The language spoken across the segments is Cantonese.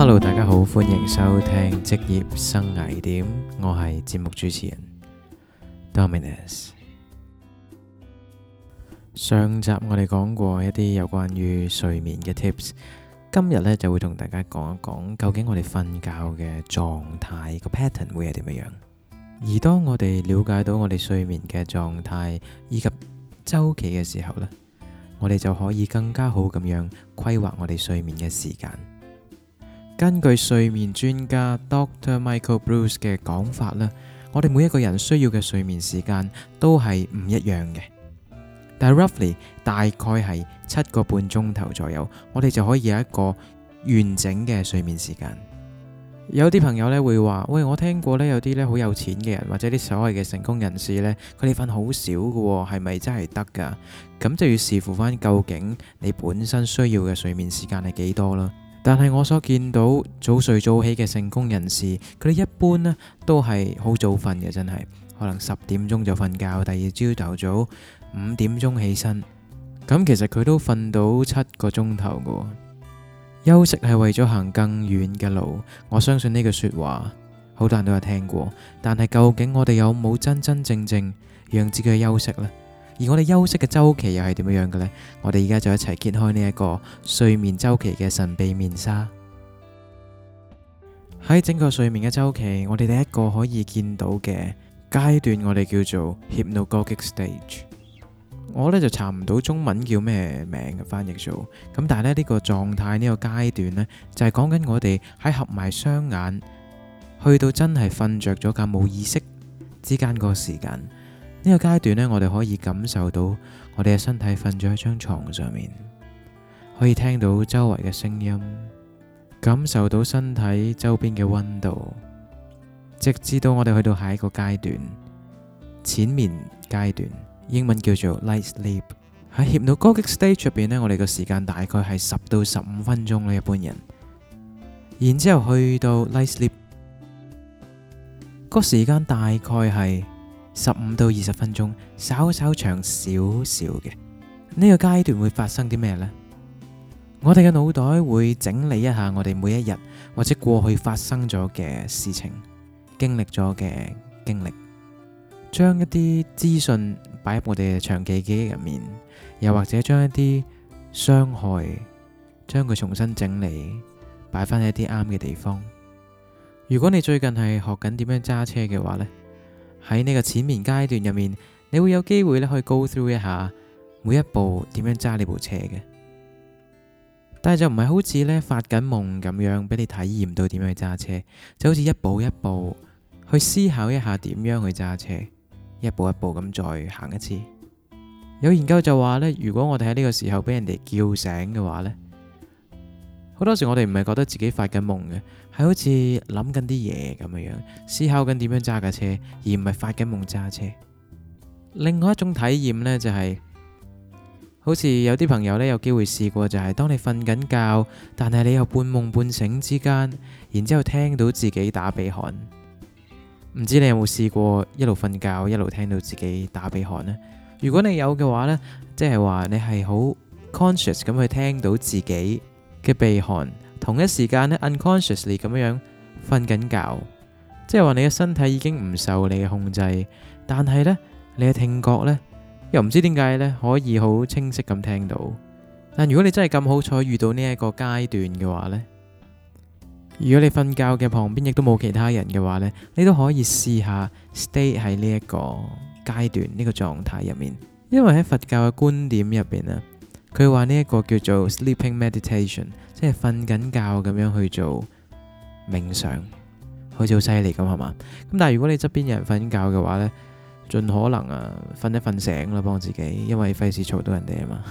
Hello，大家好，歡迎收聽職業生涯點，我係節目主持人 Dominus。上集我哋講過一啲有關於睡眠嘅 tips，今日呢就會同大家講一講究竟我哋瞓覺嘅狀態個 pattern 會係點樣樣。而當我哋了解到我哋睡眠嘅狀態以及週期嘅時候呢，我哋就可以更加好咁樣規劃我哋睡眠嘅時間。根據睡眠專家 Dr. Michael Bruce 嘅講法啦，我哋每一個人需要嘅睡眠時間都係唔一樣嘅，但 roughly 大概係七個半鐘頭左右，我哋就可以有一個完整嘅睡眠時間。有啲朋友咧會話：「喂，我聽過咧有啲咧好有錢嘅人，或者啲所謂嘅成功人士咧，佢哋瞓好少㗎，係咪真係得㗎？咁就要視乎翻究竟你本身需要嘅睡眠時間係幾多啦。但係我所見到早睡早起嘅成功人士，佢哋一般都係好早瞓嘅，真係可能十點鐘就瞓覺，第二朝頭早五點鐘起身，咁其實佢都瞓到七個鐘頭嘅。休息係為咗行更遠嘅路，我相信呢句說話，好多人都有聽過，但係究竟我哋有冇真真正正讓自己休息呢？而我哋休息嘅周期又係點樣樣嘅呢？我哋而家就一齊揭開呢一個睡眠周期嘅神秘面紗。喺整個睡眠嘅周期，我哋第一個可以見到嘅階段，我哋叫做 hypnogogic stage。我呢就查唔到中文叫咩名嘅翻譯做咁，但係咧，呢、呢個狀態呢、呢個階段呢，就係講緊我哋喺合埋雙眼，去到真係瞓着咗覺冇意識之間個時間。呢個階段呢，我哋可以感受到我哋嘅身體瞓咗喺張床上面，可以聽到周圍嘅聲音，感受到身體周邊嘅溫度，直至到我哋去到下一個階段淺眠階段，英文叫做 light sleep。喺 hypnagogic stage 入邊呢，我哋嘅時間大概係十到十五分鐘啦，一般人。然之後去到 light sleep，個時間大概係。十五到二十分鐘，稍稍長少少嘅。呢個階段會發生啲咩呢？我哋嘅腦袋會整理一下我哋每一日或者過去發生咗嘅事情、經歷咗嘅經歷，將一啲資訊擺入我哋嘅長期記憶入面，又或者將一啲傷害將佢重新整理擺翻喺一啲啱嘅地方。如果你最近係學緊點樣揸車嘅話呢，喺呢個淺眠階段入面，你會有機會咧去 go through 一下每一步點樣揸呢部車嘅。但係就唔係好似咧發緊夢咁樣俾你體驗到點樣去揸車，就好似一步一步去思考一下點樣去揸車，一步一步咁再行一次。有研究就話呢，如果我哋喺呢個時候俾人哋叫醒嘅話咧。好多時我哋唔係覺得自己發緊夢嘅，係好似諗緊啲嘢咁樣樣，思考緊點樣揸架車，而唔係發緊夢揸車。另外一種體驗呢、就係，就係好似有啲朋友呢，有機會試過，就係當你瞓緊覺，但係你又半夢半醒之間，然之後聽到自己打鼻鼾。唔知你有冇試過一路瞓覺一路聽到自己打鼻鼾呢？如果你有嘅話呢，即係話你係好 conscious 咁去聽到自己。嘅鼻鼾，同一時間呢 unconsciously 咁樣瞓緊覺，即係話你嘅身體已經唔受你嘅控制，但係呢，你嘅聽覺呢，又唔知點解呢，可以好清晰咁聽到。但如果你真係咁好彩遇到呢一個階段嘅話呢，如果你瞓覺嘅旁邊亦都冇其他人嘅話呢，你都可以試下 stay 喺呢一個階段呢、呢個狀態入面，因為喺佛教嘅觀點入面。啊佢話呢一個叫做 sleeping meditation，即係瞓緊覺咁樣去做冥想，好似好犀利咁，係嘛？咁但係如果你側邊有人瞓緊覺嘅話呢，盡可能啊瞓一瞓醒啦，幫自己，因為費事吵到人哋啊嘛。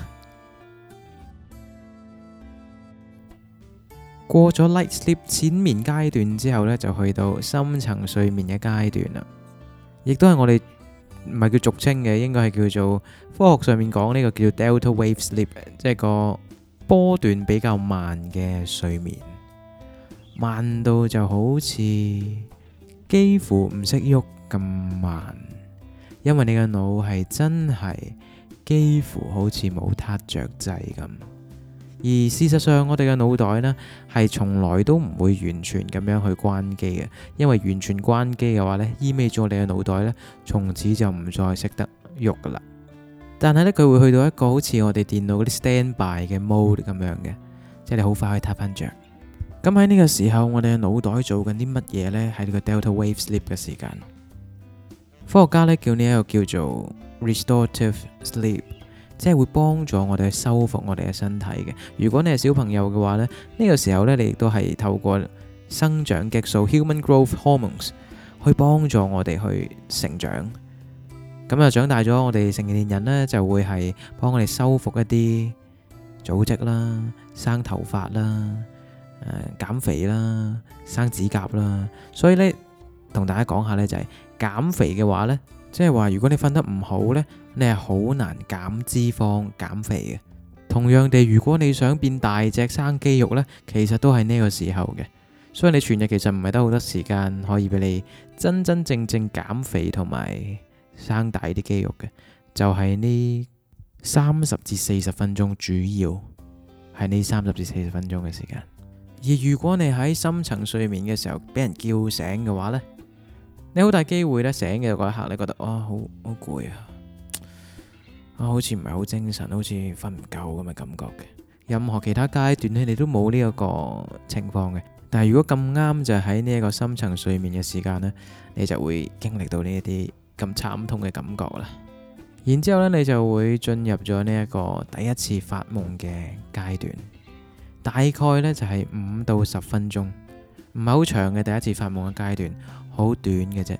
過咗 light sleep 淺眠階段之後呢，就去到深層睡眠嘅階段啦，亦都係我哋。唔係叫俗稱嘅，應該係叫做科學上面講呢個叫 Delta Wave Sleep，即係個波段比較慢嘅睡眠，慢到就好似幾乎唔識喐咁慢，因為你嘅腦係真係幾乎好似冇撻着掣咁。而事實上，我哋嘅腦袋呢，係從來都唔會完全咁樣去關機嘅，因為完全關機嘅話呢，意味咗我哋嘅腦袋呢，從此就唔再識得喐㗎喇。但係呢，佢會去到一個好似我哋電腦嗰啲 standby 嘅 mode 咁樣嘅，即係你好快可以 tap 翻著。咁喺呢個時候，我哋嘅腦袋做緊啲乜嘢呢？喺呢個 delta wave sleep 嘅時間，科學家呢，叫呢一個叫做 restorative sleep。即係會幫助我哋去修復我哋嘅身體嘅。如果你係小朋友嘅話咧，呢個時候咧，你亦都係透過生長激素 （human growth hormones） 去幫助我哋去成長。咁啊長大咗，我哋成年人咧就會係幫我哋修復一啲組織啦、生頭髮啦、誒減肥啦、生指甲啦。所以咧，同大家講下咧，就係減肥嘅話咧。即係話，是説如果你瞓得唔好呢，你係好難減脂肪、減肥嘅。同樣地，如果你想變大隻、生肌肉呢，其實都係呢個時候嘅。所以你全日其實唔係得好多時間可以俾你真真正正減肥同埋生大啲肌肉嘅，就係呢三十至四十分鐘，主要係呢三十至四十分鐘嘅時間。而如果你喺深層睡眠嘅時候俾人叫醒嘅話呢。你好大機會咧，醒嘅嗰一刻，你覺得哇，好好攰啊，啊，好似唔係好精神，好似瞓唔夠咁嘅感覺嘅。任何其他階段咧，你都冇呢一個情況嘅。但係如果咁啱就喺呢一個深層睡眠嘅時間咧，你就會經歷到呢一啲咁慘痛嘅感覺啦。然之後咧，你就會進入咗呢一個第一次發夢嘅階段，大概咧就係五到十分鐘，唔係好長嘅第一次發夢嘅階段。好短嘅啫，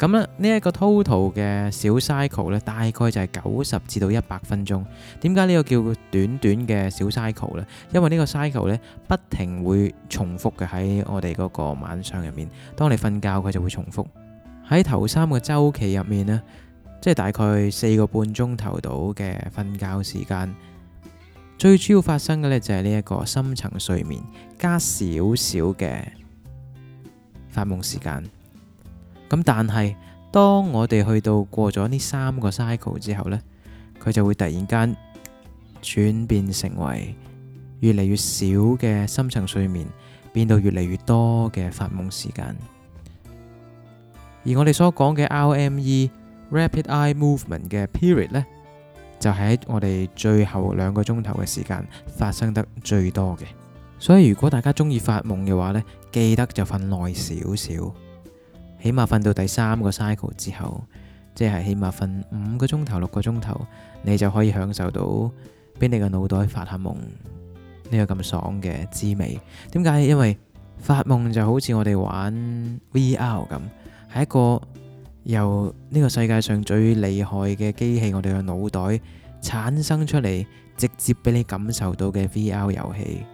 咁呢一個 total 嘅小 cycle 呢，大概就係九十至到一百分鐘。點解呢個叫短短嘅小 cycle 呢？因為呢個 cycle 呢，不停會重複嘅喺我哋嗰個晚上入面。當你瞓覺，佢就會重複喺頭三個周期入面呢，即係大概四個半鐘頭到嘅瞓覺時間。最主要發生嘅呢，就係呢一個深層睡眠加少少嘅。發夢時間，咁但係當我哋去到過咗呢三個 cycle 之後呢，佢就會突然間轉變成為越嚟越少嘅深層睡眠，變到越嚟越多嘅發夢時間。而我哋所講嘅 RME（Rapid Eye Movement） 嘅 period 呢，就係喺我哋最後兩個鐘頭嘅時間發生得最多嘅。所以如果大家鍾意發夢嘅話呢，記得就瞓耐少少，起碼瞓到第三個 cycle 之後，即係起碼瞓五個鐘頭六個鐘頭，你就可以享受到俾你個腦袋發下夢呢，這個咁爽嘅滋味。點解？因為發夢就好似我哋玩 V R 咁，係一個由呢個世界上最厲害嘅機器，我哋嘅腦袋產生出嚟，直接俾你感受到嘅 V R 遊戲。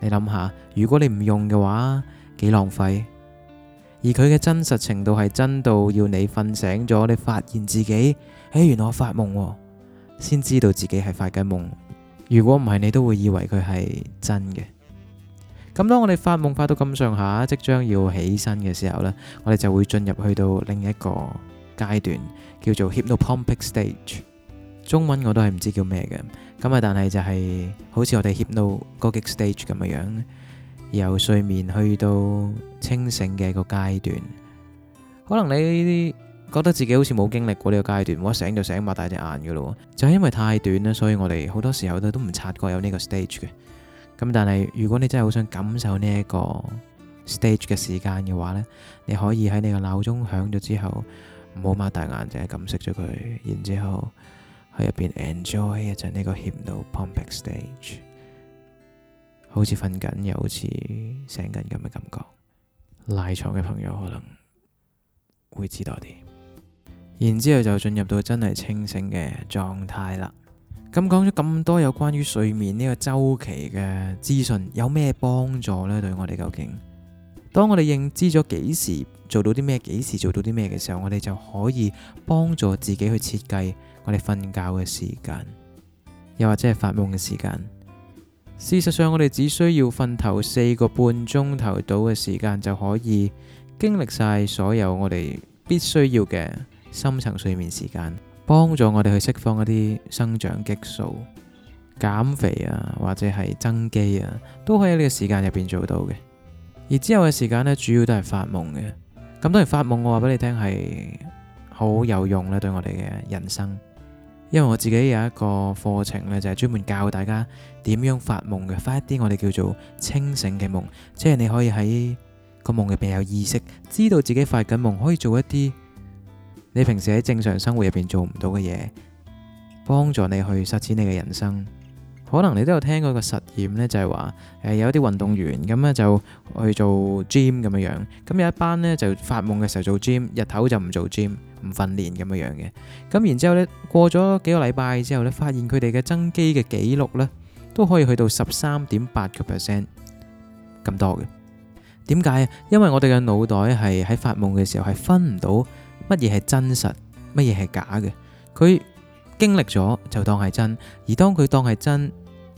你諗下，如果你唔用嘅話，幾浪費。而佢嘅真實程度係真到要你瞓醒咗，你發現自己，哎，原來我發夢，先知道自己係發緊夢。如果唔係，你都會以為佢係真嘅。咁當我哋發夢發到咁上下，即將要起身嘅時候呢，我哋就會進入去到另一個階段，叫做 hypnopompic stage。中文我都係唔知叫咩嘅。咁啊！但係就係好似我哋 hypnagogic stage 咁嘅樣，由睡眠去到清醒嘅個階段，可能你覺得自己好似冇經歷過呢個階段，我一醒就醒擘大隻眼嘅咯，就係、是、因為太短啦，所以我哋好多時候都都唔察覺有呢個 stage 嘅。咁但係如果你真係好想感受呢一個 stage 嘅時間嘅話呢，你可以喺你個鬧鐘響咗之後，唔好擘大眼，淨係咁熄咗佢，然之後。入邊 enjoy 一陣呢個 hypnopompic stage，好似瞓緊又好似醒緊咁嘅感覺，賴床嘅朋友可能會知道啲。然之後就進入到真係清醒嘅狀態啦。咁講咗咁多有關於睡眠呢個周期嘅資訊，有咩幫助呢？對我哋究竟？當我哋認知咗幾時做到啲咩，幾時做到啲咩嘅時候，我哋就可以幫助自己去設計我哋瞓覺嘅時間，又或者係發夢嘅時間。事實上，我哋只需要瞓頭四個半鐘頭到嘅時間就可以經歷晒所有我哋必須要嘅深層睡眠時間，幫助我哋去釋放一啲生長激素、減肥啊，或者係增肌啊，都可以喺呢個時間入邊做到嘅。而之後嘅時間咧，主要都係發夢嘅。咁當然發夢，我話俾你聽係好有用啦，對我哋嘅人生。因為我自己有一個課程呢就係專門教大家點樣發夢嘅，發一啲我哋叫做清醒嘅夢，即係你可以喺個夢入邊有意識，知道自己發緊夢，可以做一啲你平時喺正常生活入邊做唔到嘅嘢，幫助你去實踐你嘅人生。可能你都有聽過一個實驗咧，就係話誒有啲運動員咁咧就去做 gym 咁樣樣，咁有一班咧就發夢嘅時候做 gym，日頭就唔做 gym，唔訓練咁樣樣嘅。咁然之後咧，過咗幾個禮拜之後咧，發現佢哋嘅增肌嘅記錄咧都可以去到十三點八個 percent 咁多嘅。點解啊？因為我哋嘅腦袋係喺發夢嘅時候係分唔到乜嘢係真實，乜嘢係假嘅。佢經歷咗就當係真，而當佢當係真。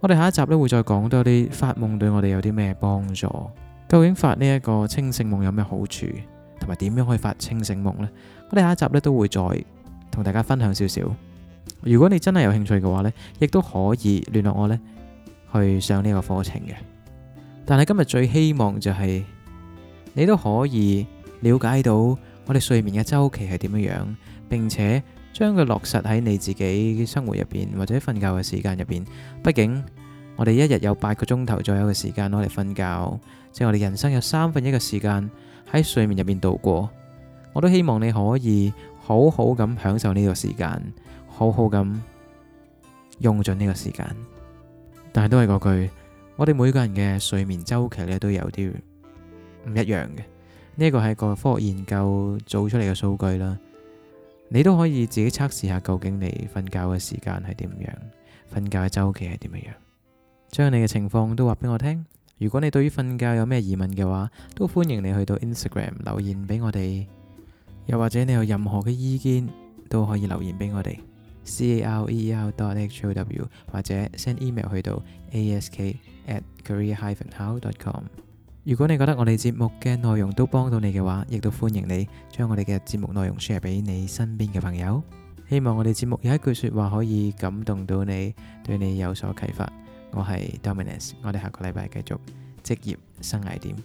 我哋下一集咧，會再講多啲發夢對我哋有啲咩幫助？究竟發呢一個清醒夢有咩好處？同埋點樣可以發清醒夢呢？我哋下一集咧都會再同大家分享少少。如果你真係有興趣嘅話咧，亦都可以聯絡我咧去上呢個課程嘅。但係今日最希望就係、是、你都可以了解到我哋睡眠嘅週期係點樣，並且。將佢落實喺你自己生活入邊，或者瞓覺嘅時間入邊。畢竟我哋一日有八個鐘頭左右嘅時間攞嚟瞓覺，即係我哋人生有三分一嘅時間喺睡眠入邊度過。我都希望你可以好好咁享受呢個時間，好好咁用盡呢個時間。但係都係嗰句，我哋每個人嘅睡眠周期咧都有啲唔一樣嘅。呢個係個科學研究做出嚟嘅數據啦。你都可以自己測試下，究竟你瞓覺嘅時間係點樣，瞓覺嘅週期係點樣，將你嘅情況都話俾我聽。如果你對於瞓覺有咩疑問嘅話，都歡迎你去到 Instagram 留言俾我哋，又或者你有任何嘅意見都可以留言俾我哋 c a r e e r dot h o w，或者 send email 去到 ask at career hyphen how dot com。如果你覺得我哋節目嘅內容都幫到你嘅話，亦都歡迎你將我哋嘅節目內容 share 俾你身邊嘅朋友。希望我哋節目有一句說話可以感動到你，對你有所啟發。我係 Dominus，我哋下個禮拜繼續職業生涯點。